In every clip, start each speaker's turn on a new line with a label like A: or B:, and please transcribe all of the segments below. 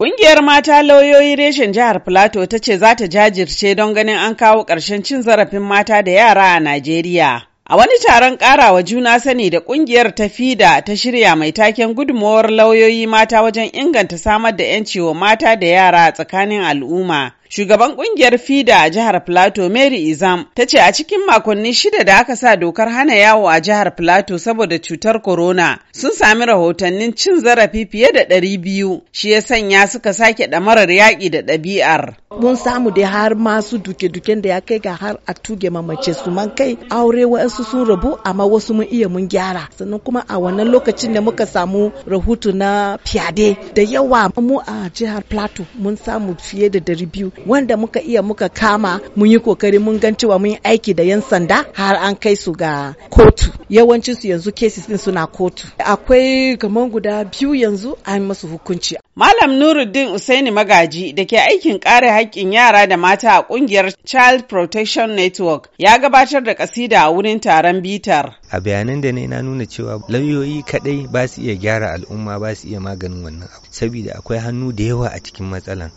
A: Ƙungiyar mata lauyoyi reshen jihar Filato ta ce za ta jajirce don ganin an kawo ƙarshen cin zarafin mata da yara a Najeriya. A wani taron ƙarawa juna sani da ƙungiyar ta FIDA ta shirya mai taken gudunmawar lauyoyi mata wajen inganta samar da 'yanci wa mata da yara tsakanin al'umma. Shugaban kungiyar FIDA a jihar Plateau Mary Izam ta ce a cikin makonni shida da aka sa dokar hana yawo a jihar Plateau saboda cutar corona sun sami rahotannin cin zarafi fiye da ɗari biyu shi ya sanya suka sake ɗamarar yaƙi da ɗabi'ar.
B: Mun samu da har masu duke-duken da ya kai ga har a tuge mamace su man kai aure wasu sun rabu amma wasu mun iya mun gyara sannan kuma a wannan lokacin da muka samu rahoto na fiade da yawa mu a jihar Plateau mun samu fiye da ɗari biyu wanda muka iya muka kama mun yi kokari mun gan cewa mun yi aiki da yan sanda har an kai su ga kotu yawancin su yanzu cases din suna kotu akwai kamar guda biyu yanzu an masu hukunci Malam
A: Nuruddin Usaini Magaji da ke aikin kare haƙƙin yara da mata a ƙungiyar Child Protection Network ya gabatar da kasida a wurin taron bitar.
C: A bayanan da ne na nuna cewa lauyoyi kaɗai ba su iya gyara al'umma ba su iya maganin wannan abu saboda akwai hannu da yawa a cikin matsalan.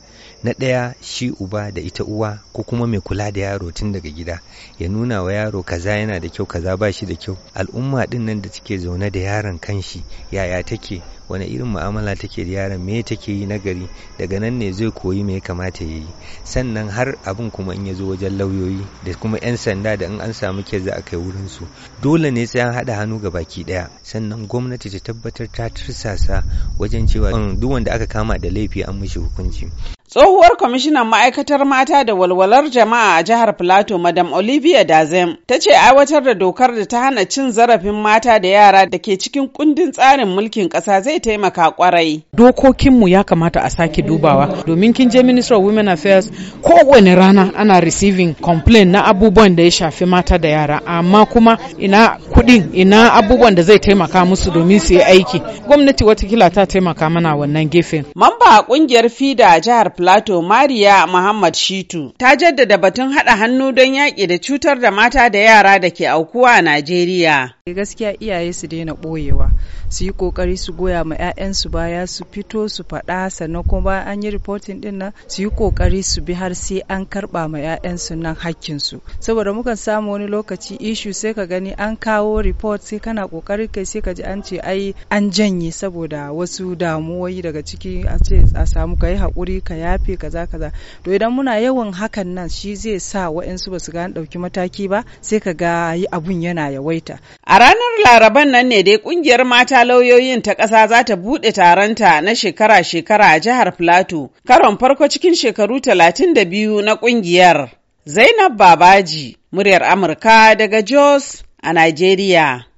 C: na ɗaya shi uba da ita uwa ko kuma mai kula da yaro tun daga gida ya nuna wa yaro kaza yana da kyau kaza ba shi da kyau al'umma din nan da take zaune da yaron kanshi yaya take wani irin mu'amala take da yaron me take yi nagari daga nan ne zai koyi me ya kamata ya yi sannan har abin kuma in ya zo wajen lauyoyi da kuma 'yan sanda da in an samu ke za a kai wurin su dole ne sai an haɗa hannu ga baki ɗaya sannan gwamnati ta tabbatar ta tursasa wajen cewa mm, duk wanda aka kama da laifi an mishi hukunci
A: Tsohuwar kwamishinan ma'aikatar mata da walwalar jama'a a jihar Filato Madam Olivia Dazem ta ce aiwatar da dokar da ta hana cin zarafin mata da yara
D: da ke cikin kundin tsarin mulkin ƙasa zai taimaka kwarai. Dokokinmu ya kamata a sake dubawa domin kin je Minister of Women Affairs kowane rana ana receiving complaint na abubuwan da ya shafi mata da yara amma kuma ina kuɗin ina abubuwan da zai taimaka musu domin su yi aiki. Gwamnati watakila ta taimaka mana wannan gefen. Mamba a
A: ƙungiyar FIDA a jihar Plateau Mariya Muhammad Shitu ta jaddada batun haɗa hannu don yaƙi da cutar da mata da yara da ke aukuwa a Najeriya. Eh, gaskiya iyaye su daina
E: ɓoyewa. su yi kokari su goya ma 'ya'yansu baya su fito su faɗa sannan kuma bayan an yi reporting din nan su yi kokari su bi har sai an karɓa ma 'ya'yansu nan hakkinsu saboda mukan samu wani lokaci ishu sai ka gani an kawo report sai kana kokari kai sai ka ji an ce ai an janye saboda wasu damuwoyi daga ciki a ce a samu ka yi haƙuri ka ya yafe kaza kaza to idan muna yawan hakan nan shi zai sa wa'insu ba su gane ɗauki mataki ba sai ka ga abun yana yawaita a ranar laraban nan ne
A: dai kungiyar mata lauyoyin ta ƙasa za ta buɗe taronta na shekara-shekara a jihar filato karon farko cikin shekaru talatin da biyu na kungiyar zainab babaji muryar amurka daga jos a nigeria